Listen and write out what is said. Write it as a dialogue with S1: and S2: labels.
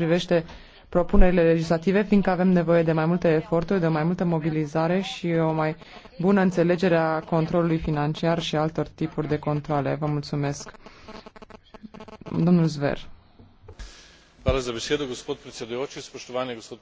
S1: privește propunerile legislative, fiindcă avem nevoie de mai multe eforturi, de mai multă mobilizare și o mai bună înțelegere a controlului financiar și altor tipuri de controle.
S2: Vă mulțumesc. Domnul Zver.
S3: Hvala za
S4: besedo, gospod predsedujoči, spoštovani gospod